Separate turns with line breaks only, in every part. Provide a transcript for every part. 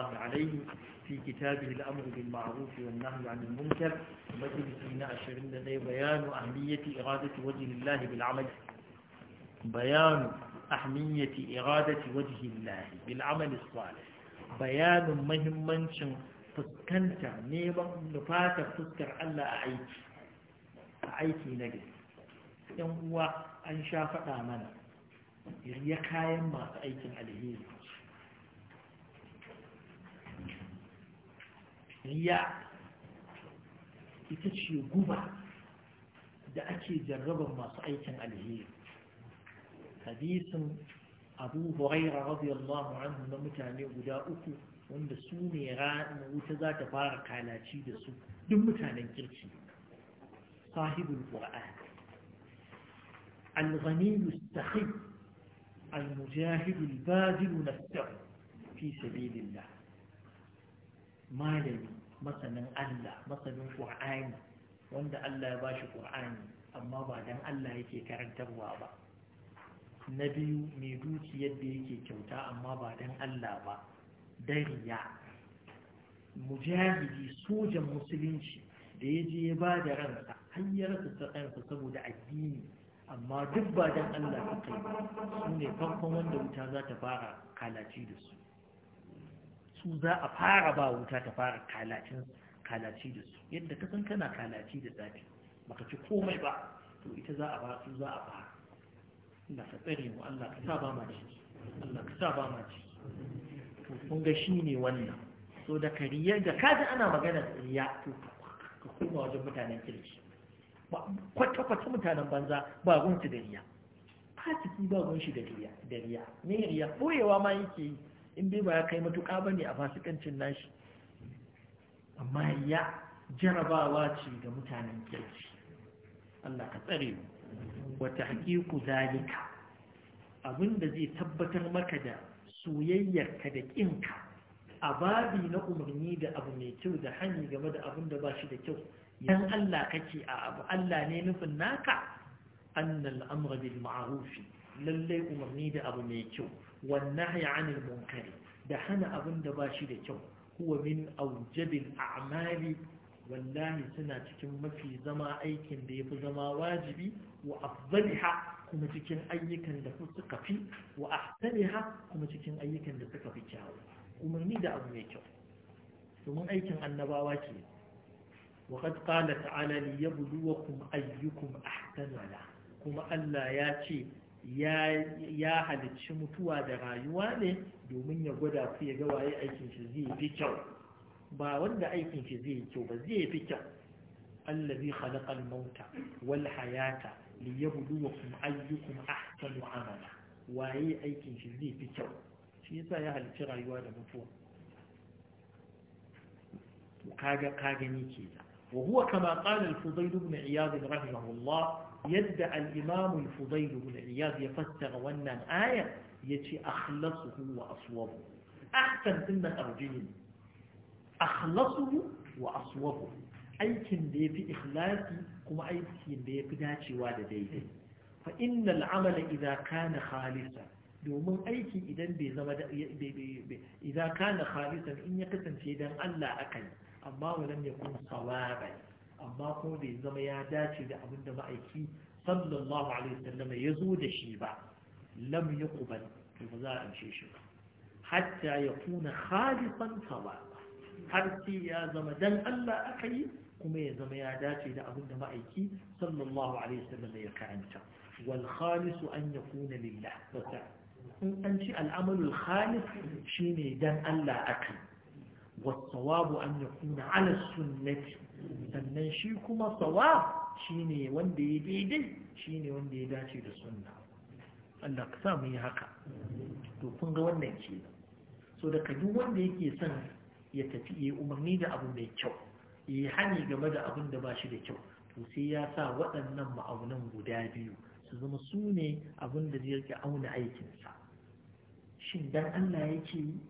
الله عليه في كتابه الأمر بالمعروف والنهي عن المنكر مجلسنا أشرين لدي بيان أهمية إرادة وجه الله بالعمل بيان أهمية إرادة وجه الله بالعمل الصالح بيان مهمة فسكنت نيما نفاتك فسكر ألا أعيك أعيك نجد يوم هو أنشافك آمنا ya kayan masu aikin alheri riya ita ce guba da ake jarrabar masu aikin alheri hadisin abu huraira radiyallahu anhu na mutane guda uku wanda su ne wuta za ta fara kalaci da su duk mutanen kirki sahibul qur'an al-ghani al-mujahid al-bazil nafsuhu fi sabilillah malami masanin Allah masanin Qur'ani wanda Allah ya bashi Qur'ani amma ba dan Allah yake karantarwa ba na biyu mai dukiyar da yake kyauta amma ba dan Allah ba dariya mujahidi sojan musulunci da ya je ya ba da ransa hanyarsa ta ransa saboda addini amma duk ba dan Allah kai yi su ne farkon wanda wuta za ta fara kalaci da su su za a fara ba wuta ta fara kalacin kalaci da su yadda ka san kana kalaci da zafi baka ci komai ba to ita za a ba su za a fara Allah ka tsare mu Allah ka sa ba ma ci Allah ka sa ba ma ci to kun ga shine wannan so da kariya da kaji ana magana riya to ka koma wajen mutanen kirki kwata-kwata mutanen banza ba gunsu da riya fasiki ba gunshi da riya da riya ne riya boyewa ma yake yi in dai ba ya kai matuƙa ba ne a fasikancin nashi amma ya jarabawa ce ga mutanen kirki Allah ka tsare mu wata hakiku zalika abinda zai tabbatar maka da soyayyarka da ƙinka a babi na umarni da abu mai kyau da hani game da abin da ba shi da kyau yan Allah kake a abu Allah ne nufin naka annal amra bil ma'ruf lallai umarni da abu mai kyau والنهي عن المنكر ده هنا ابن ده باشي ده كيو هو من اوجب الاعمال والله سنا cikin mafi zama aikin da yafi zama wajibi wa afdaliha kuma cikin ayyukan da suka fi wa kuma cikin da kyau umarni abu mai kyau domin aikin annabawa ke wa qad qala ta'ala li yabluwakum ayyukum ahsanu kuma Allah ya ce ya halicci mutuwa da rayuwa ne domin ya gwada su ya ga waye aikin shi zai fi kyau ba wanda aikin shi zai kyau ba zai fi kyau allazi khalaqal mauta wal hayata liyabluwakum ayyukum ahsanu amala waye aikin shi zai fi kyau shi yasa ya halicci rayuwa da mutuwa kaga kaga gani kenan وهو كما قال الفضيل بن عياض رحمه الله يدعى الإمام الفضيل بن عياض يفسر ونن آية يتي أخلصه وأصوبه أحسن إن أرجين أخلصه وأصوبه aikin da ya fi kuma aiki da ya dacewa da daidai fa innal amala idza kana khalisa domin aiki idan bai zama da kana khalisan in ya kasance dan Allah akai amma walam yakun sawaban amma kuma bai zama ya dace da abin da ma'aiki sallallahu alaihi wasallam ya zo da shi ba lam yuqbal to ba za a amshe shi ba hatta kuna khalisan sawaba har sai ya zama dan Allah aka yi kuma ya zama ya dace da abin da ma'aiki sallallahu alaihi wasallam ya karanta wal khalis an yakuna lillah in an ci al'amalul khalis shine dan Allah aka yi والصواب أن يكون على السنة sannan shi kuma sawa shine wanda ya daidai shine wanda ya dace da sunna Allah ka sa yi haka to kun ga wannan ce so da duk wanda yake son ya tafi ya umarni da abu mai kyau ya hani game da abin da ba shi da kyau to sai ya sa waɗannan ma'aunan guda biyu su zama su ne abin da zai rike auna aikinsa shin dan Allah yake yi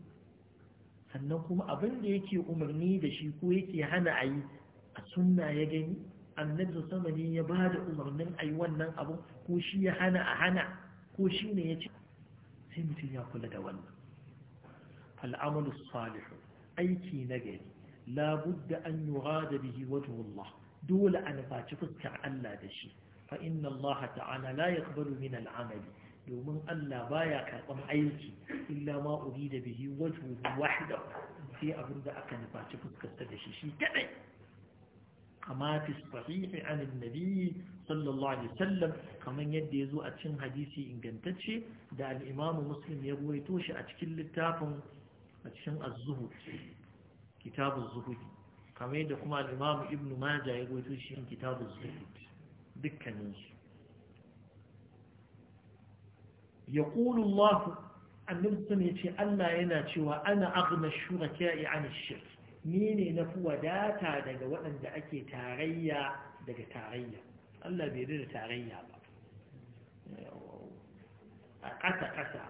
sannan kuma abin da yake umarni da shi ko yake hana a yi a sunna ya gani annabi sama ne ya ba da umarnin a yi wannan abu ko shi ya hana a hana ko shi ne ya ci. sai mutum ya kula da wannan al'amalu salihu aiki na gari labudda an yurada bihi wajhullah dole a faci fuskar Allah da shi fa inna Allah ta'ala la yaqbalu min al'amali domin Allah baya karɓar aiki illa ma urida bihi wajhu wahda sai abin da aka nufaci fuskarta da shi shi kadai kama fi sahihi an annabi sallallahu alaihi wasallam kaman yadda yazo a cikin hadisi ingantacce da al-Imam Muslim ya ruwaito shi a cikin littafin a cikin az-zuhud kitab az-zuhud kamar yadda kuma al-Imam Ibn Majah ya ruwaito shi cikin kitab az-zuhud dukkanin su يقول الله annabi sun ya ce Allah yana cewa ana aghna shuraka'i an shirk ni ne na fi wadata daga waɗanda ake tarayya daga tarayya Allah bai da tarayya ba a ƙasa ƙasa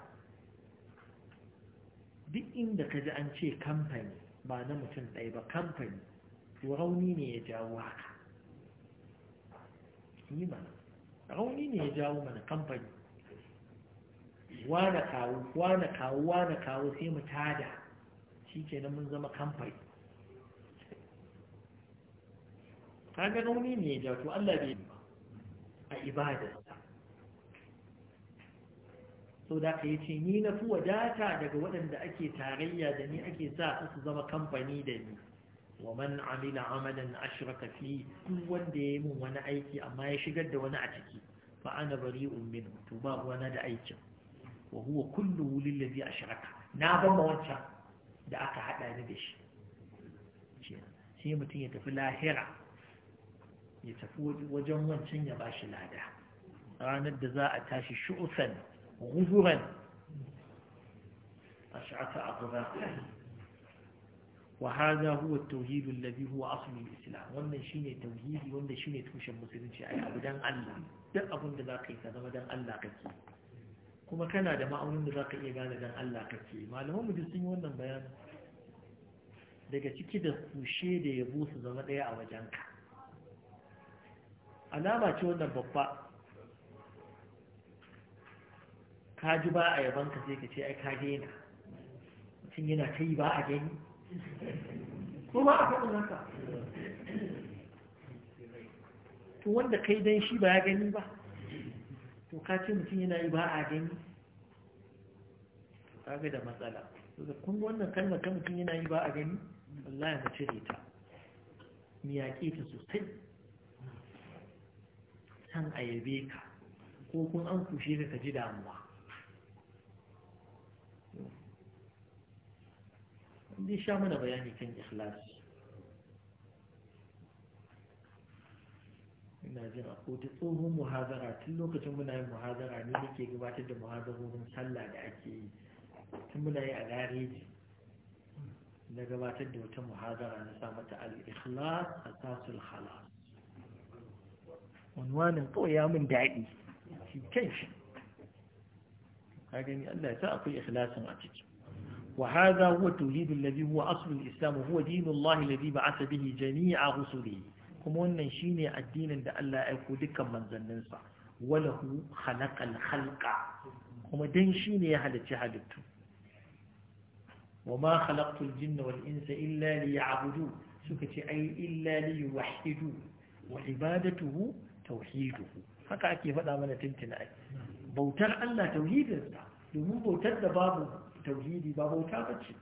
duk inda ka ji an ce kamfani ba na mutum ɗaya ba kamfani rauni ne ya jawo haka yi mana rauni ne ya jawo mana kamfani wane kawo wane kawo wane kawo sai mu tada shi nan mun zama kamfani kaga rauni ne ya to Allah bai ba a ibada. so da ka ce ni na fi wadata daga waɗanda ake tarayya da ni ake sa su zama kamfani da ni wa man amila amalan ashraka fi duk wanda ya yi min wani aiki amma ya shigar da wani a ciki fa ana bari'un min to ba wani da aikin Wahuwa wa huwa kulluhu lillazi ashraka na gama wancan da aka haɗa ni da shi sai mutum ya tafi lahira ya tafi wajen wancan ya ba shi lada ranar da za a tashi shu'usan guzuran ash'ata aqba وهذا هو Tauhidin الذي هو أصل الإسلام wannan shine tauhidi wanda shine tushen musulunci ai abu dan Allah duk abin da zaka yi ka zama dan Allah kake kuma kana da ma'aunin da za ka iya gane don Allah ka malaman mu duk sun yi wannan bayan daga ciki da kushe da yabo su zama daya a wajen ka. alama ce wannan babba ka ji ba a ka sai ka ce ai ka daina mutum yana ta ba a gani ko ba a faɗin haka to wanda kai dan shi ba ya gani ba ko ka ce mutum yana yi ba a gani Ka ga da matsala da kun wannan kalmar kan mutum yana yi ba a gani Allah ya mu cire ta mu yaƙe ta sosai san a yabe ka ko kun an kushe ka ka ji damuwa zai sha mana bayani kan ikhlas ناجر أكو تقوم مهاذرات اللو كتمنا مهاذرة نيكي قبات المهاذرة ومسلا لأكي كتمنا يعلاريج نقبات الدوت مهاذرة نسامة الإخلاص أساس الخلاص عنوان قوية من دعي كيف هذا يعني الله تأقي إخلاص أتج وهذا هو التوحيد الذي هو أصل الإسلام وهو دين الله الذي بعث به جميع رسله kuma wannan shine addinin da Allah ya aiko dukkan manzanninsa walahu khalaqal khalqa kuma dan shine ya halicci halittu wama khalaqtul jinna wal insa illa liya'budu suka ce ai illa liyuwahhidu wa ibadatuhu tauhiduhu haka ake faɗa mana tuntun ai bautar Allah tauhidinsa domin bautar da babu tauhidi ba bauta bace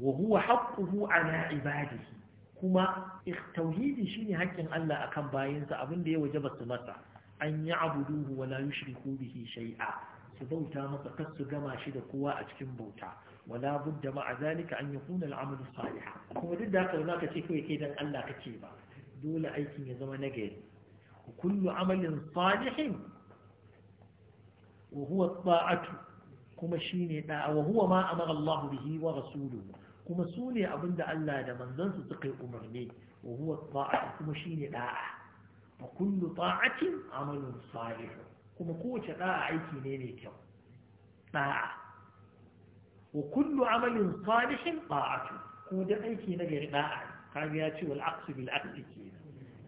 wa huwa haqquhu ala ibadihi kuma tauhidi shine haƙƙin Allah akan bayinsa abin da ya wajaba su masa an Abuduhu wa la yushriku bihi shay'a su bauta masa kar su gama shi da kowa a cikin bauta wala budda ma'a zalika an yakuna al salih kuma duk da haka ba ka ce kai kai dan Allah kake ba dole aikin ya zama nagari kullu amalin salihin wa huwa taatu kuma shine da'a wa huwa ma amara Allah bihi wa rasuluhu kuma su ne abinda Allah da manzansu suka yi umarni wa huwa ta'a kuma shine da'a fa kullu ta'atin amalun salih kuma kowace da'a aiki ne mai kyau da'a wa kullu amalin salihin ta'atu ko da aiki na gari da'a kaga ya ce wal aqsu bil aqsi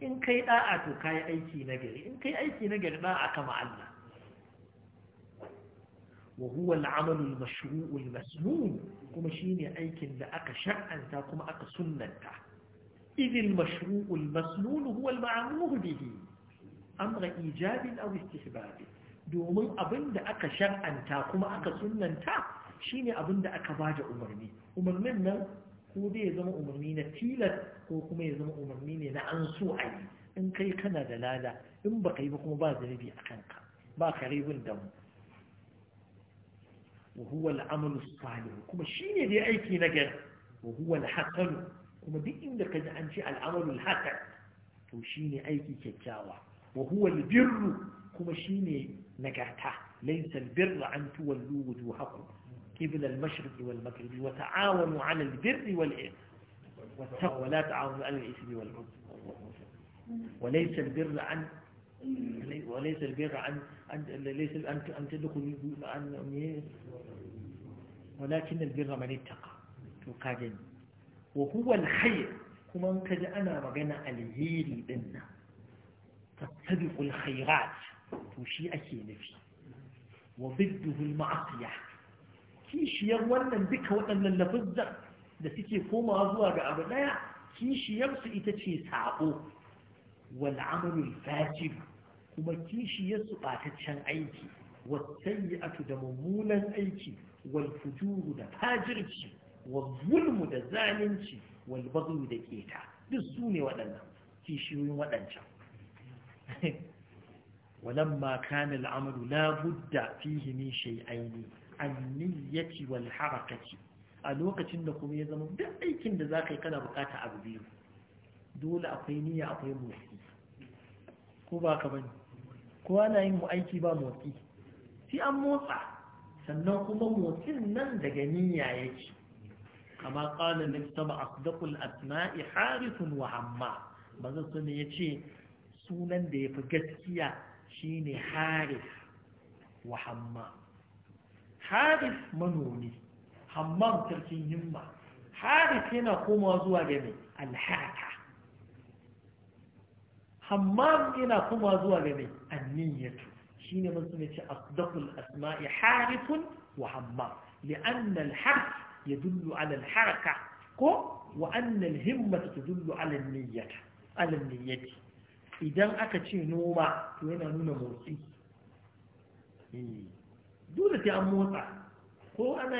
in kai da'a to kai aiki na gari in kai aiki na gari da'a kama Allah wa huwa al-amal al-mashru' al-masnun shine aikin da aka shar'anta kuma aka sunnanta idil mashru' al-masnun huwa al-ma'mur bihi amra ijab aw istihbab domin abinda aka shar'anta kuma aka sunnanta shine da aka bada umarni umarnin nan ko dai ya zama umarni na tilas ko kuma ya zama umarni ne na an so a yi in kai kana da lada in baka yi ba kuma ba zunubi a kanka ba karibin da mu wa huwa al'amalu salih kuma shine dai aiki na gari wa huwa al kuma duk inda ka ji an ce al'amalu al-hasan to shine aiki kyakkyawa wa huwa al-birru kuma shine nagarta laysa al an tuwallu wujuhakum qibla وليس البر أن وليس البر عن عن ليس أن تدخل عن ولكن البر من اتقى وقادم وهو الخير كما كذا أنا مجنى الهيل بنا تصدق الخيرات وشي أشي نفسي وضده المعصية كيش يغوانا بك وأن اللفظة لسيتي فوما أبوها بأبو لا كيش يمسي تتشي ساقو wal fajir kuma kishi ya subataccen aiki wa da mummunan aiki wal da fajirci wa da zalunci wal da keta duk su ne waɗannan kishiyoyin waɗancan ولما كان fihimi لا بد فيه من شيئين النية والحركة a lokacin da kuma ya zama duk aikin da za ka yi kana bukata abu biyu dole akwai niyya akwai motsi ko ba ka bane Kowa na yin aiki ba motsi sai an motsa sannan kuma motsin nan daga niyya yake kama qala nabi sama asdaqul asma'i harithun wa amma manzo sun yace sunan da yafi gaskiya shine harith wa hamma harith manomi hammam sarkin himma harith yana komawa zuwa ga mai hammam ina kuma zuwa ga mai anniyatu shine mun sune ce asdaqul asma'i harifun wa hammam li'anna al-harf yadullu 'ala al-haraka ko wa anna al-himmata tadullu 'ala an-niyyati 'ala niyyati idan aka ce noma to yana nuna motsi eh, dole sai an motsa ko ana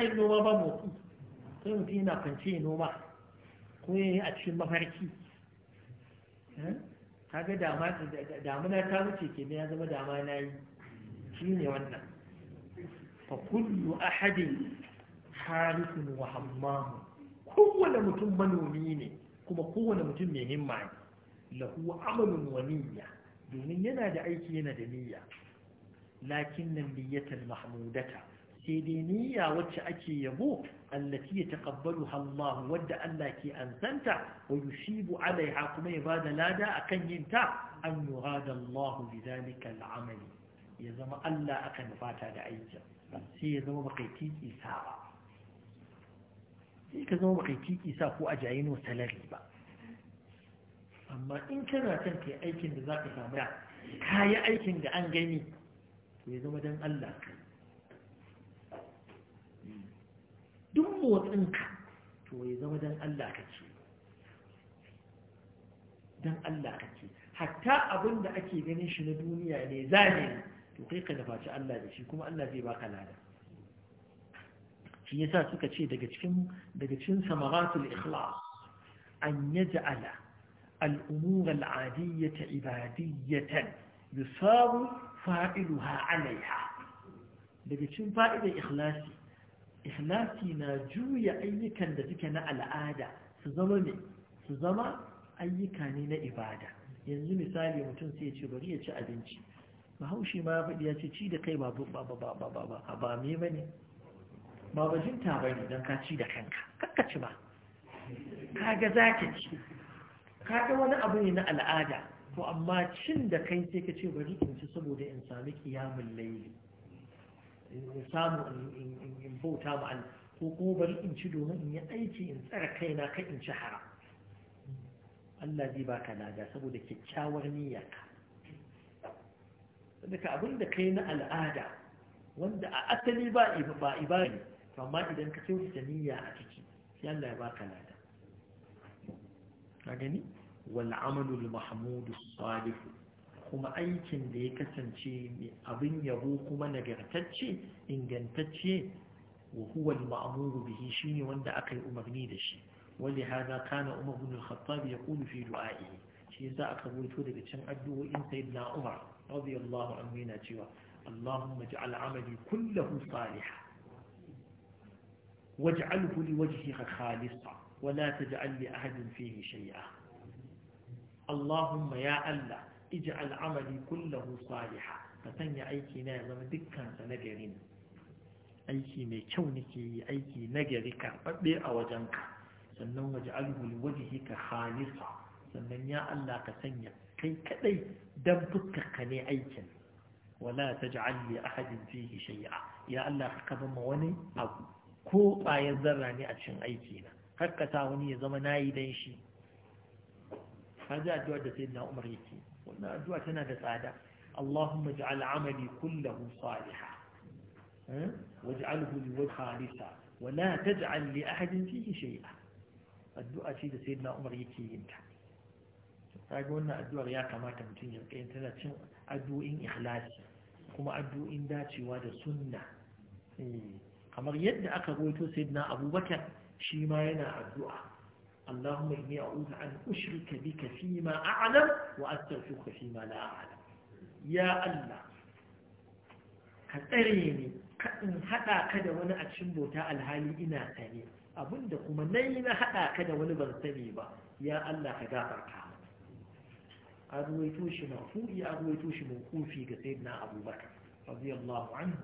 kwance noma ko a cikin mafarki eh? kaga dama damuna ta wuce ke ya zama dama na yi shi ne wannan fa kullu ahadin harisun wa hammamu kowane mutum manomi ne kuma kowane mutum mai himma ne lahu amalun wa niyya domin yana da aiki yana da niyya lakin nan niyyatar mahmudata sai wacce ake yabo allati yataqabbaluha Allah wadda Allah ke ansanta wa yushibu alaiha kuma ya bada lada akan yinta. ta an yurada Allah bidhalika al'amal ya zama Allah aka nufata da aikin sai ya zama baka tiki sa ba sai ka zama baka tiki sa ko ajayino salari ba amma in kana kan kai aikin da zaka samu ya kayi aikin da an gani to ya zama dan Allah kai duk motsinka to ya zama don Allah ka don Allah ka hatta abin da ake ganin shi na duniya ne zane to kai ka dafaci Allah da shi kuma Allah zai baka lada shi yasa suka ce daga cikin daga cikin samaratul ikhlas an yaj'ala al-umur al yusabu fa'iluha 'alayha daga cikin fa'idar ikhlasi ihlasi na juya ayyukan da suke na al'ada su zama ne su zama ayyuka ne na ibada yanzu misali mutum sai ya ce bari ya ci abinci bahaushe ma ya faɗi ya ce ci da kai ba ba me ba ne ba jin ba ne don ka ci da kanka kakka ci ba ka ga za ka ci ka ga wani abu ne na al'ada to amma cin da kai sai ka ce bari in ci saboda in sami kiyamun laili in samu in bauta ma Allah ko kuma bari in ci domin in yi aiki in tsara kaina kai in ci haram Allah zai baka lada saboda kyakkyawar niyyarka daga abin da kai na al'ada wanda a asali ba ba ibadi amma idan ka da niyya a ciki sai Allah ya baka lada ka gani wal amalu al mahmud as kuma aikin da ya kasance abin yabo kuma nagartacce ingantacce wa huwa al-ma'muru bihi shine wanda aka yi umarni da shi wali hada kana umar ibn al-khattab yaqulu fi du'a'ihi shi yasa aka rubuto daga cikin addu'o'in sayyidina umar radiyallahu anhu yana cewa اللهم اجعل عملي كله صالحا واجعله لوجهك خالصا ولا تجعل لأحد فيه شيئا اللهم يا الله ij'al amali kullahu salihan ka sanya aiki na ya zama dukkansa na nagari ne aiki mai kyau nake yi aiki nagari karɓaɓɓe a wajenka sannan waje alhul wajihi ka halisa sannan ya Allah ka sanya kai kaɗai don fuskarka ne aikin wala taj'al li ahadin fihi shay'a ya Allah ka ba ma wani abu ko bayan zarra ne a cikin aiki na Kar ka sa wani ya zama nayi dan shi kaji addu'ar da saidina Umar yake wannan addu'a tana da tsada Allahumma ij'al 'amali kullahu salihan eh? waj'alhu liwajhi khalisa wa la taj'al a ahadin fihi shai'a. addu'a ce da sayyidina Umar yake yin ta kaga wannan addu'ar ya kamata mutum ya kai tana cin addu'in ikhlasi kuma addu'in dacewa da sunna eh, kamar yadda aka goyito sayyidina Abubakar shi ma yana addu'a اللهم إني أعوذ أن أشرك بك فيما أعلم وأستغفرك فيما لا أعلم يا الله كتريني كأن حتى كذا وانا أتشمبو تاء الهالي إنا ثاني أبن دقوما نينا حتى كذا وانا بغتني با يا الله كذا فرقام أرويتوش مغفوئي أرويتوش موقوفي قصيدنا أبو بكر رضي الله عنه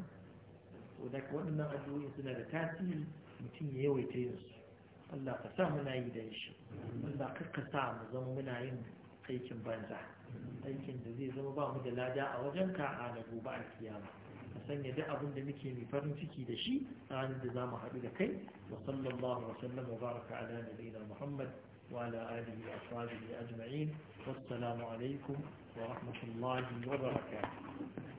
وذلك وأننا أدوين سنة تاتي متين يويتين Allah ka sa muna yi da shi Allah ka ka sa mu zama muna yin aikin banza aikin da zai zama ba mu da lada a wajen ka a na gobe a kiyama ka sanya duk abin da muke mai farin ciki da shi a ranar da za mu haɗu da kai wa sallallahu wa sallam wa baraka ala nabiyina muhammad wa ala alihi wa ashabihi ajma'in wassalamu alaikum wa rahmatullahi wa barakatuh